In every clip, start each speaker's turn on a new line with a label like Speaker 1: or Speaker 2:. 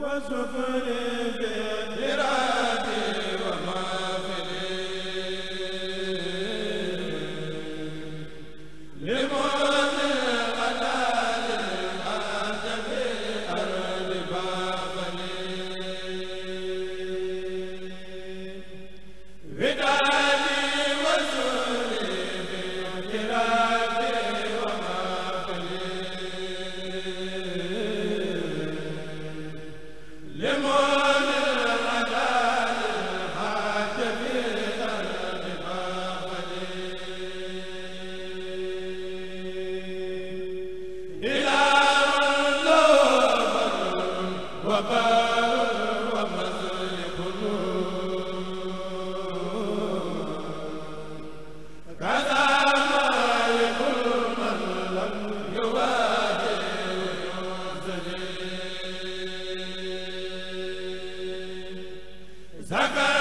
Speaker 1: wa le
Speaker 2: asalaamaaleykum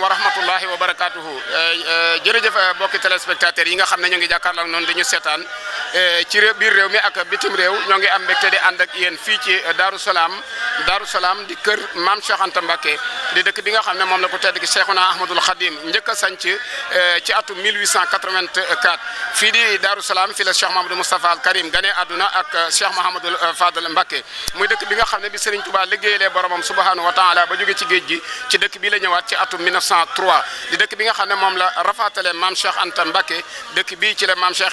Speaker 2: wa rahmatullahi wa barakaatuhu eh, eh, jërëjëf mbokki eh, téléspectateurs yi nga xam ne ñu ngi jàkkaarloo ak noonu di ñu seetaan Eh, ci réew biir réew mi ak bitim réew ñoo ngi am mbégte di ànd ak yéen fii ci Darou Salaam Darou Salaam di kër maam Cheikh Anta Mbacké di dëkk bi nga xam ne moom la ko tedd ki Cheikhuna Ahmadul Khadim njëkk a sanc eh, ci atum 1884 fii di Darou Salaam fi la Cheikh Mahamadou Moustapha Al Karim gane àdduna ak eh, Cheikh Mahamadul Fadal Mbacké muy dëkk bi nga xam ne bi Serigne Touba liggéeyalee boromam subhanahu wa taala ba jóge ci géej gi ci dëkk bi la ñëwaat ci atum 1903 di dëkk bi nga xam ne moom la rafaatale maam Cheikh Anta Mbacké dëkk bii ci la maam Cheikh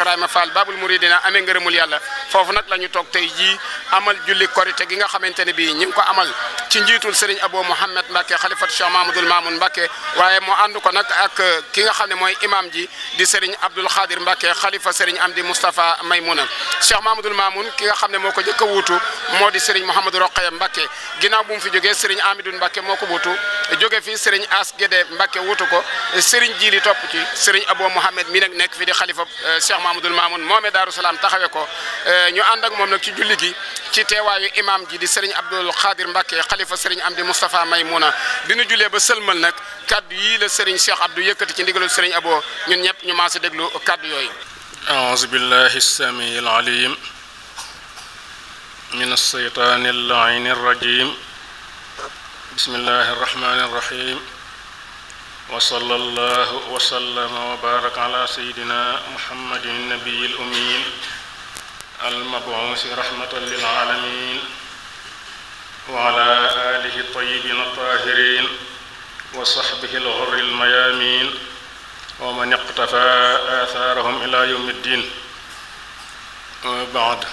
Speaker 2: Ibrahima dina amee ngërëmul yàlla foofu nag la ñu toog tey jii amal julli korite gi nga xamante ne bii ñi ngi ko amal ci njiitul Serigne Abo Mouhamed Mbacke xalifatu Cheikh Mahamadoul Mamoun Mbacke waaye moo ànd ko nag ak ki nga xam ne mooy imam ji di Serigne Abdoul Khadir Mbacke xalifa Serigne Amdi Moustapha Maymouna Cheikh Mahamadoul Mamoun ki nga xam ne moo ko njëkk a wuutu moo di Serigne Mouhamadou Roqaya Mbacke ginnaaw bu mu fi jógee Serigne Amidou Mbacke moo ko wuutu jóge fi Serigne As Guédé Mbacke ko Serigne Jili topp ci Serigne Abo Mouhamed mi nag nekk fi di xalifa euh, Cheikh Mahamadoul Mamoun moomee Daaru Salaam taxawe ko euh, ñu ànd ak moom nag ci julli gi ci teewaayu imam xalifa sëriñ Amdi Moustapha Maymuna bi nu julee ba sëlmal nag kaddu yii la sëriñ Cheikh Abdou yëkkati ci ndigalul sëriñ Abo ñun ñëpp ñu maase déglu kaddu yooyu
Speaker 1: aouzu billahi samii alalim min alseytaani allain arrajim bismillahi arrahmani arrahim wa sallallahu wa sallama wa baraka ala sayidina muhammadin nabiyi al umiin al mabuusi rahmatan lil alamin وعلى آله الطيبين الطاهرين وصحبه الغر الميامين ومن اقتفى آثارهم إلى يوم الدين وبعد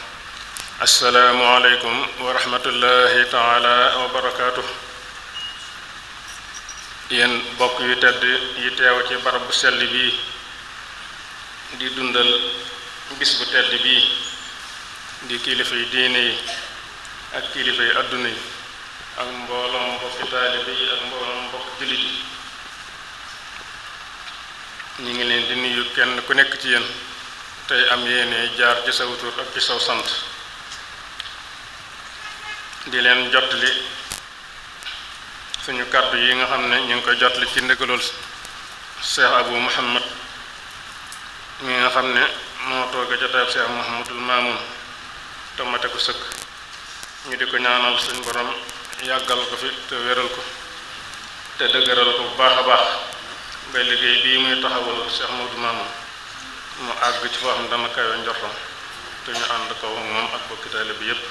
Speaker 1: السلام عليكم ورحمة الله تعالى وبركاته yéen bokk yu tedd yi teew ci barab bu sell bii di dundal bis bu tedd bii di kilifa yi diine yi ak kilifa yi adduna yi ak mbooloom mbokki taalibe yi ak mbooloom mbokk jullit yi ñu ngi leen di nuyu kenn ku nekk ci yéen tey am yéene jaar ci saw tur ak ci saw sant di leen jottali suñu kàddu yi nga xam ne ñu ngi koy jottali ci ndigalul Cheikh Abou Mouhammad mi nga xam ne moo toog a jotaab Cheikh Mouhamadoul Mamoun te ko sëkk ñu di ko ñaanal suñ borom yàggal ko fi te wéral ko te dëgëral ko bu baax a baax ba liggéey bii muy taxawal Cheikh Modou mu àgg ci foo xam dana kayo te ñu ànd ko moom ak bokki taalibe bi yépp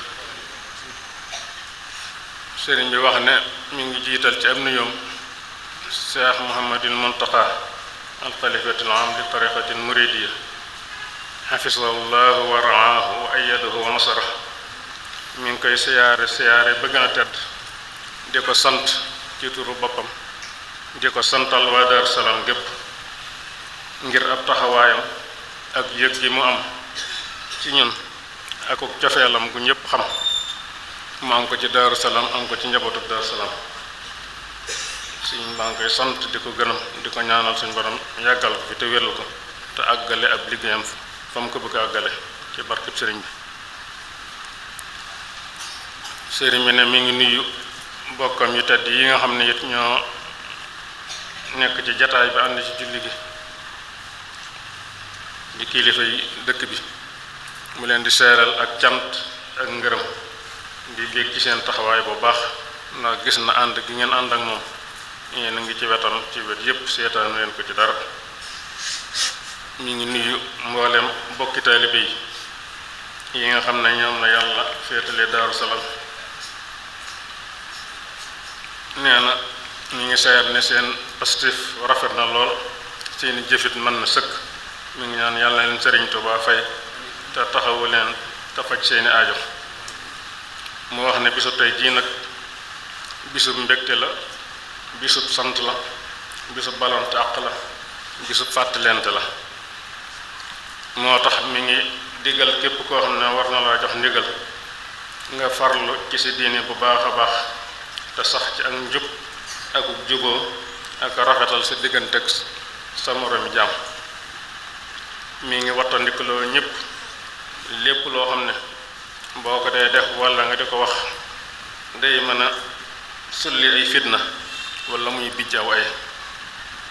Speaker 1: sëriñ bi wax ne mi ngi jiital ci am nuyoom Cheikh Mouhamadil Mountakha al xalifatul am li tariqatil wa raahu wa ayadahu wa mi ngi koy siyaare siyaare ba gën tedd di ko sant ci turu boppam di ko santal waa Daaru Salaam gépp ngir ab taxawaayam ak yëg gi mu am ci ñun ak cofeelam gu ñëpp xam mu am ko ci Daaru Salaam am ko ci njabootu Daaru Salaam suñ maa ngi koy sant di ko gënam di ko ñaanal suñ borom yàggal ko fi te wérlu ko te àggale ab liggéeyam fa mu ko bëgg a àggale ci barkeb sëriñ bi sëriñ bi ne mi ngi nuyu bokkam yu tedd yi nga xam ne it ñoo nekk ci jataay bi ànd ci julli gi di kilifa yi dëkk bi mu leen di seeral ak cant ak ngërëm di géeg ci seen taxawaay bu baax ndax gis na ànd gi ngeen ànd ak moom yéen a ngi ci wetam ci wet yépp seetaanu leen ko ci dara mu ngi nuyu mboolem bokki taalibe yi nga xam ne ñoom la yàlla féetale Daaru Salaam nee na ñu ngi seet ne seen pastif rafet na lool seeni jëfit mën na sëkk mu ngi ñaan yàlla leen sëriñ baa fay te taxawu leen te faj seeni aajo mu wax ne bisu tey jii nag bisub mbégte la bisu sant la bisub balonte àq la bisub fàttalente la moo tax mu ngi digal képp koo xam ne war na laa jox ndigal nga farlu ci si diini bu baax a baax te sax ci ak njub ak juboo ak rafetal sa diggante ak sa moromi jàmm mi ngi wattandikuloo ñëpp lépp loo xam ne boo ko dee def walla nga di ko wax day mën a sulli ay fitna walla muy bijj aw ay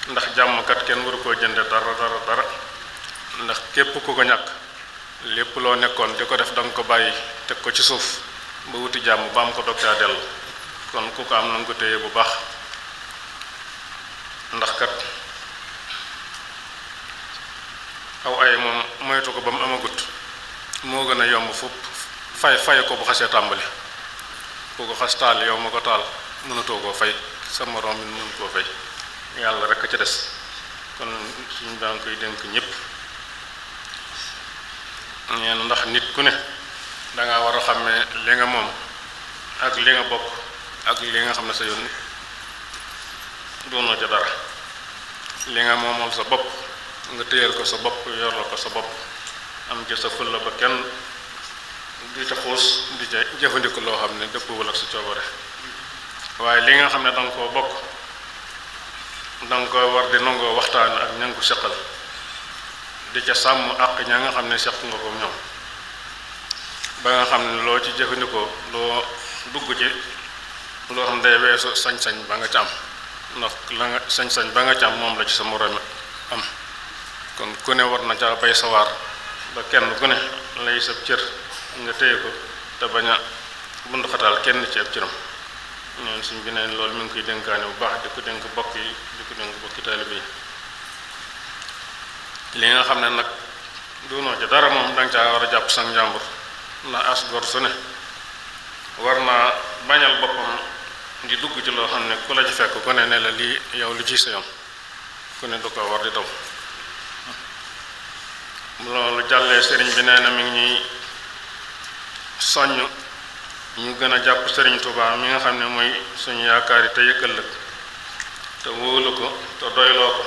Speaker 1: ndax jàmmkat kenn waru koo jënde dara dara ndax képp ku ko ñàkk lépp loo nekkoon di ko def danga ko bàyyi teg ko ci suuf ba wuti jàmm ba am ko dog caa kon ku ko am na nga ko téye bu baax ndax kat aw ay moom moytu ko ba mu amagut moo gën a yomb fu fay fay ko bu xasee tàmbali ku ko xas taal yow ma ko taal mënatoo koo fay sa moroom mi mënu koo fay yàlla rek a ca des kon suñu baa ngi koy dénk ñépp ñeen ndax nit ku ne danga war a xàmmee li nga moom ak li nga bokk ak li nga xam ne sa yoon doonoo ca dara li nga moomoon sa bopp nga téyal ko sa bopp yor la ko sa bopp am jël sa fulla ba kenn di ca xuus di ca jëfandiku loo xam ne dëppwul ak sa coobare waaye li nga xam ne danga koo bokk danga ko war di nangoo waxtaan ak ña nga di ca sàmm àq ña nga xam ne seq nga ko ñoom ba nga xam ne loo ci jëfandikoo loo dugg ci loo xam sañ-sañ ba nga ca am ndax sañ-sañ ba nga ca am moom la ci sa moroom am ku ne war na caa bay sawaar ba kenn ku ne lay sab cër nga téye ko te bañ a bund xataal kenn ci ab cëram suñ bi neen loolu mi ngi koy dénkaane bu baax di ko dénk bokk yi di ko dénk bokki taalibe li nga xam ne nag duunoo ci dara moom danga caa war a jàpp san njàmbur ndax as su ne war naa bañal boppam di dugg ci loo xam ne ku la ci fekk ku ne ne la lii yow lu ci sa yoon ku ne du ko war di daw loolu jàllee sëriñ bi nee na mi ngi ñuy soññ ñu gën a jàpp sëriñ Tuubaa mi nga xam ne mooy suñu yaakaar yi te yëkkal la te wóolu ko te doyloo ko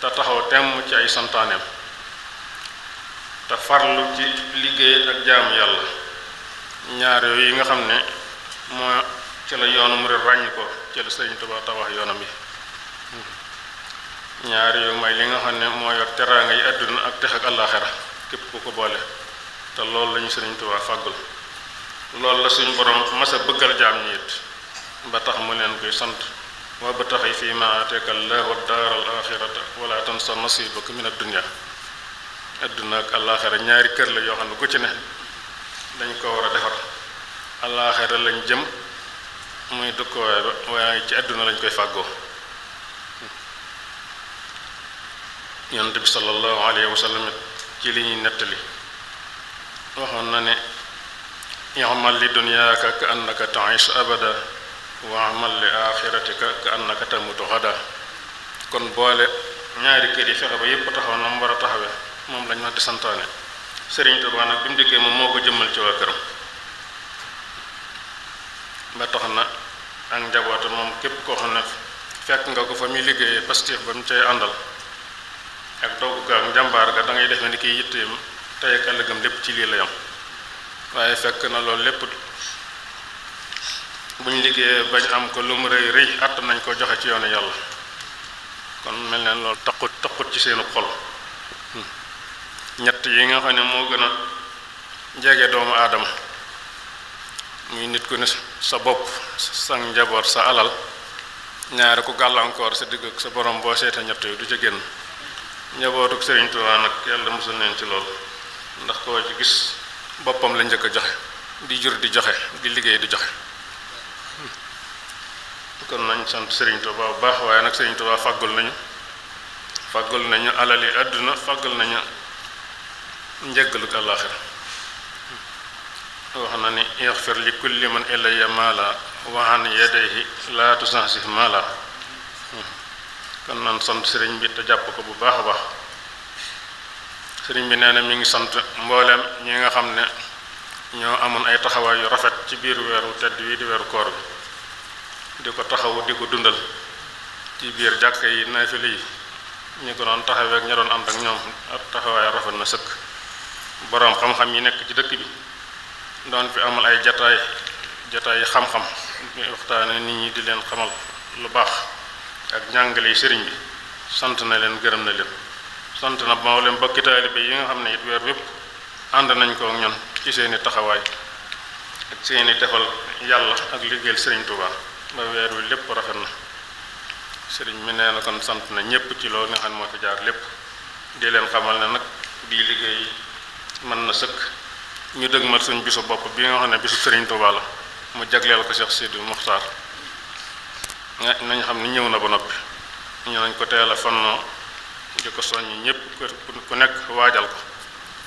Speaker 1: te taxaw temm ci ay santaaneem te farlu ci liggéey ak jaamu yàlla ñaar yooyu yi nga xam ne moo ci la yoonu murid ràññ ko ci la Sëriñ Tuubaa tabax yoonam yi ñaari yoo may li nga xam ne moo teraanga yi àdduna ak tex ak àllaaxira képp ku ko boole te loolu lañu Sëriñ Tuubaa fàggul loolu la suñu borom mas a bëggal jaam ñi it ba tax mu leen koy sant waa ba tax fii ma ateeka llahu daaral axirata wala tansa nasibaka min addunia adduna ak àllaaxira ñaari kër la yoo xam ne ku ci ne dañ ko war a defar àllaaxira lañ jëm muy dëkkuwaay ba waaye ci àdduna lañ koy fàggoo yonent bi sallallahu alayhi wa ci li ñuy nettali waxoon na ne i'mal li dunyaaka ka annaka ta'ish abada wa amal li axiratika ka annaka tamutu xada kon boole ñaari kër yi fexe ba yépp taxaw na mu war a taxawe moom lañ ma di santaane Sëriñ Tuubaa nag bi mu moom moo ko jëmmal ci waa këram ba tax na ak njaboote moom képp koo xam ne fekk nga ko fa muy liggéeyee pastif ba mu cay àndal ak dogg ga ak njàmbaar ga da ngay defe ni kiy yitteem tey ak ëllëgam lépp ci lii la yam waaye fekk na loolu lépp buñ liggéeyee bañ am ko lu mu rëy rëy àtt nañ ko joxe ci yoonu yàlla kon mel na loolu taqut taqut ci seenu xol hmm. ñett yi nga xam ne moo gën a njege doomu aadama muy nit ku ne sa bopp sa njaboot sa alal ñaari ku gàllankoor sa digg sa borom boo seetee ñett yu du ca génn njabootuk Sëriñ nag yàlla mosul neen ci loolu ndax koo ci gis boppam la njëkk a joxe di jur di joxe di liggéey di joxe kon nañ sant Sëriñ Tuubaa baax waaye nag Sëriñ Tuubaa fàggul nañu fàggul nañu alali àdduna fàggul nañu njëggaluk àllaaxira wax na ni yaxfir li kulli man ilayya maala wa an yadayhi laa tusansih maala kon nan sant sëriñ bi te jàpp ko bu baax a baax sëriñ bi nee na mi ngi sant mbooleem ñi nga xam ne ñoo amoon ay taxawaay yu rafet ci biir weeru tedd wii di weeru koor bi di ko taxawu di ko dundal ci biir jàkk yi naafile yi ñu ko doon taxawee ak ña doon ànd ak ñoom taxawaayu rafet na sëkk boroom xam-xam yi nekk ci dëkk bi doon fi amal ay jataay jataay yi xam-xam waxtaane nit ñi di leen xamal lu baax ak njàngale yi sëriñ bi sant na leen gërëm na leen sant na moo leen bokki taalibe yi nga xam ne it weer wépp ànd nañ koo ak ñun ci seeni taxawaay ak seeni defal yàlla ak liggéeyal sëriñ Touba ba weer wi lépp rafet na sëriñ mi nee na kon sant na ñépp ci loolu nga xam ne lépp di leen xamal ne nag bii liggéey mën na sëkk ñu dëgg mat suñ bisu bopp bi nga xam ne bisu Serigne Touba la mu jagleel ko Cheikh Sidi Mokhtar nga nañ xam ni ñëw na ba noppi ñu nañ ko teel a fannoo di ko soññ ñëpp ku nekk waajal ko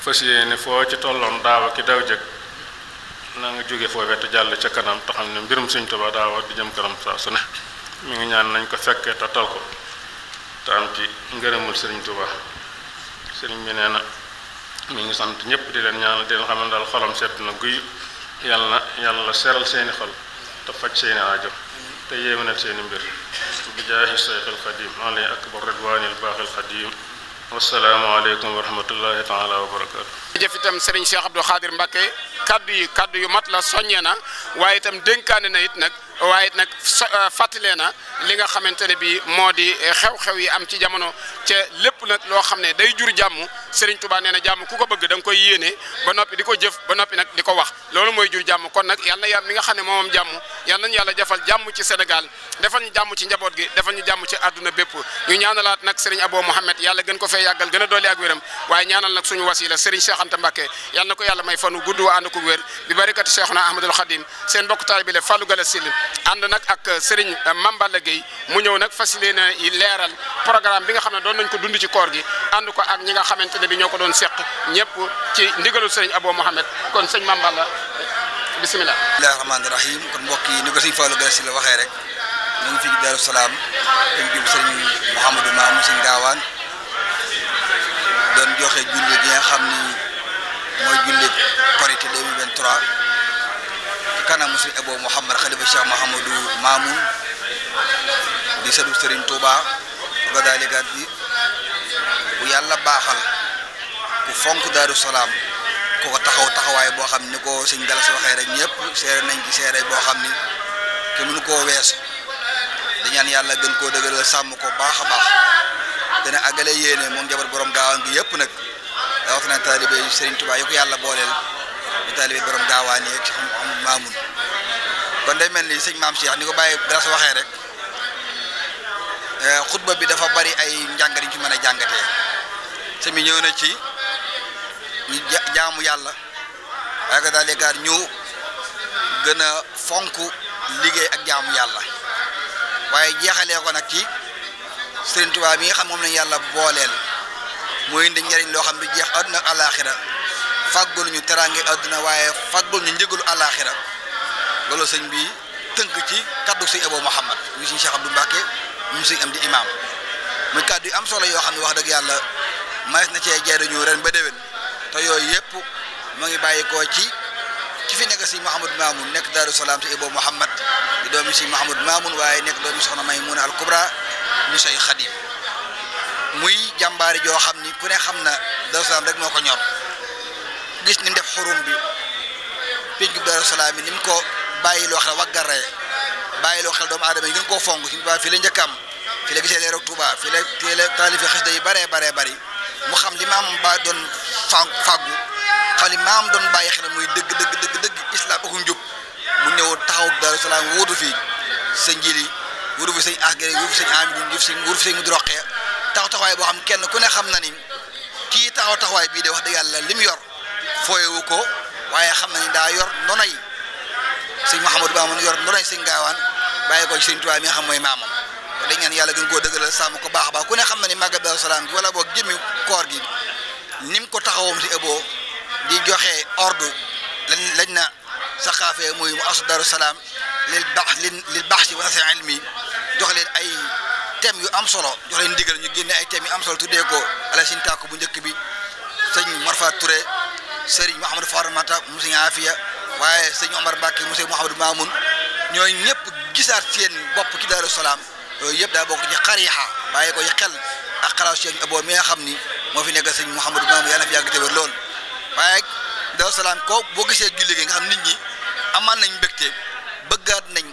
Speaker 1: fas ne foo ci tolloon daawa ki daw jëkk na nga jóge foofee te jàll ca kanam te xam ne mbirum Serigne Touba daawa di jëm kanam saa su ne mi ngi ñaan nañ ko fekkee te taw ko te am ci ngërëmul Serigne Touba Serigne bi nee na mi ngi sant ñëpp di leen ñaanal di leen xamal daal xolam sedd na guy yàlla na yàlla seral seeni xol te faj seeni aajo te yéemanal seeni mbir bi jaahi Seex al Xadim alay akbar ridwaani al baaxi al Xadim wasalaamaaleykum wa rahmatullahi taala wa barakaatu
Speaker 2: kaddu yi kaddu yu mat la soññee na waaye itam dénkaane na it nag waaye nag euh, fàttalee na li nga xamante ne bii moo di euh, xew-xew yi am ci jamono ca lépp nag loo xam ne day jur jàmm Serigne Touba nee na jàmm ku ko bëgg da nga koy yéene ba noppi di ko jëf ba noppi nag di ko wax loolu mooy jur jàmm kon nag yal na yàlla mi nga xam ne moom jàmm yal nañu yàlla jafal jàmm ci senegal defal ñu jàmm ci njaboot gi defal ñu jàmm ci àdduna bépp ñu ñaanalaat nag Serigne Abo Mohamed yàlla gën ko fee yàggal gën a doole ak wéram waaye ñaanal nag suñu wasila Serigne Cheikh Anta Mbacké yàlla may fanu gudd wa ànd ko wér bi barikati Cheikhuna Ahmadul Khadim seen bokk taalibe Fallou Galassine ànd nag ak euh, sëriñ euh, Mamballa Gueye mu ñëw nag fas yéene leeral programme bi nga xam ne doon nañ ko dund ci koor gi ànd ko ak ñi nga xamante ne bi ñoo ko doon seq ñëpp ci ndigalu sëriñ Abo Mohamed kon sëñ Mamballa bisimilah. bisimilah rahmaani rahim kon mbokk yi ni ko sëñ Fallou Gaye si la waxee rek ñu ngi fi ci Darou Salaam
Speaker 3: dem jëm sëñ Mouhamadou Maam Gaawaan doon joxe julli gi nga xam ni mooy julli korité 2023. kanamu sëriñ Abo Mouhamad xalifa Cheikh Mahamadou Mamoun di sëdu sëriñ Touba ba daaligaat bi bu yàlla baaxal ku fonk Daaru Salaam ku ko taxaw taxawaay boo xam ni ko sëñ Galas waxee rek ñëpp seere nañ ci seere boo xam ni te mënu koo weesu dañaan yàlla gën koo dëgëral sàmm ko baax a baax dana àggale yéene moom jabar borom gaawaan gi yëpp nag daa wax na taalibe Sëriñ Touba yi yàlla booleel di taalibe borom gaawaan yi ak Maamun kon day mel ni sëñ maam Cheikh ni ko bàyyi Bras waxee rek eh, xutba bi dafa bari ay njàngat yu ci mën a jàngatee semi ñëw na ci ñu jaamu yàlla waaye ko daal léegaar ñu gën a fonk liggéey ak jaamu yàlla waaye jeexale ko nag ci Sëriñ Tuubaa mi nga xam moom lañ yàlla booleel muy indi njariñ loo xam du jeex àdduna ak alaaxira fàggul ñu teraange àdduna waaye fàggul ñu njëgalu àllaaxira loolu sëñ bi tënk ci kaddu sëñ Abo Mouhamad muy sëñ Cheikh Abdou Mbacke mu sëñ am di imaam muy kaddu yi am solo yoo xam ne wax dëgg yàlla mayees na cee jariñu ren ba déwén te yooyu yëpp mu ngi bàyyi ko ci ci fi nekk sëñ Mouhamad Mamoun nekk Daaru Salaam sëñ Abo Mouhamad di doomi sëñ Mouhamad Mamoun waaye nekk doomi soxna Maymuna al Kubra mu sëñ Xadim muy jàmbaari joo xam ni ku ne xam na Daaru rek moo ko ñor. gis ni def xurum bi pénc Daaru Salaam yi ni ko bàyyi loo xel waggaree bàyyi loo xel doomu aadama yi gën koo fonk suñu Tuubaa fii la njëkkam fi la gisee leeroog Tuubaa fi la fi la taalifi xasida yi baree baree bari mu xam li maam ba doon fàgg fàggu xam li maam doon bàyyi xel muy dëgg dëgg dëgg dëgg islam akum njub mu ñëw taxaw Daaru Salaam fii sa njili wóotu fi sëñ asgare wóotu fi sëñ amidi wóotu fi wóotu fi sëñ mudu roqee taxaw taxawaay boo xam kenn ku ne xam na ni kii taxaw taxawaay bii de wax dëgg yàlla li mu yor fooyewu ko waaye xam nañ daa yor nonay sëñ Mouhamadou Ba amoon yor nonay sëñ gaawaan bàyyi ko sëñ Tuubaa mi xam mooy maamam kon dañ ñaan yàlla gën koo dëgëral sàmm ko baax baa ku ne xam na ni màggal Daaru Salaam gi wala boog jëmmi koor gi ni mu ko taxawoom si ëbboo di joxe ordre lañ lañ na saxaafee muy mu asu Daaru li lil baax lil baax si wanasee ilmi jox leen ay thèmes yu am solo jox leen ndigal ñu génne ay thèmes solo tuddee ko ala sin bu njëkk bi sëñ Morfa Touré sëriñ Mouhamadou Faara Mata mu sëriñ Afia waaye sëriñ Omar Mbacke mu sëriñ Mouhamadou Mamoun ñooy ñëpp gisaat seen bopp ci Daaru Salaam yooyu yëpp daa bokk ci xariixa waaye ko ci xel ak xalaat sëriñ Abo mi xam ni moo fi nekk sëriñ Mouhamadou Mamoun yàlla fi yàgg te lool waaye Daaru Salaam ko boo gisee julli gi nga xam nit ñi amaan nañ mbégte bëggaat nañ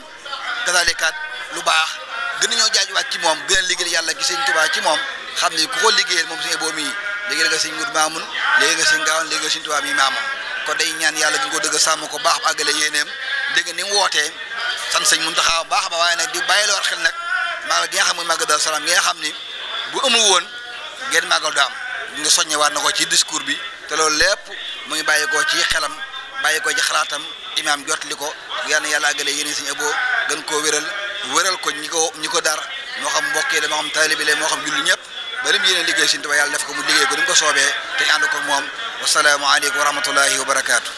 Speaker 3: gasaalekaat lu baax gën a ñoo jaajuwaat ci moom gën a liggéeyal yàlla gi sëriñ Tuubaa ci moom xam ni ku ko liggéeyal moom sëriñ Abo mii léegi nga sëñ Mourou Mamoun léegi nga sëñ Gaawaan ñaan yàlla ñu ko dëgg sàmm ko baax ba àggale yéeneem dégg nga ni mu wootee sant sëñ Muntaxa baax ba waaye nag di bàyyi loo xel nag maa gi nga xam mooy màggal Daaru Salaam gi nga xam ni bu amul woon ngeen màggal daam am nga waat na ko ci discours bi te loolu lépp mu ngi bàyyi ko ci xelam bàyyi ko ci xalaatam imaam jotli ko yal na yàlla àggale yéene sëñ Abo gën koo wéral wéral ko ñi ko ñi ko dar moo xam mbokk yi la moo xam taalibe moo xam julli ñëpp ba lim yéene liggéey Sëriñ Tuubaa yàlla def ko mu liggéey ko ni mu ko soobee te ànd ko moom wasalaamaaleykum wa barakaatu.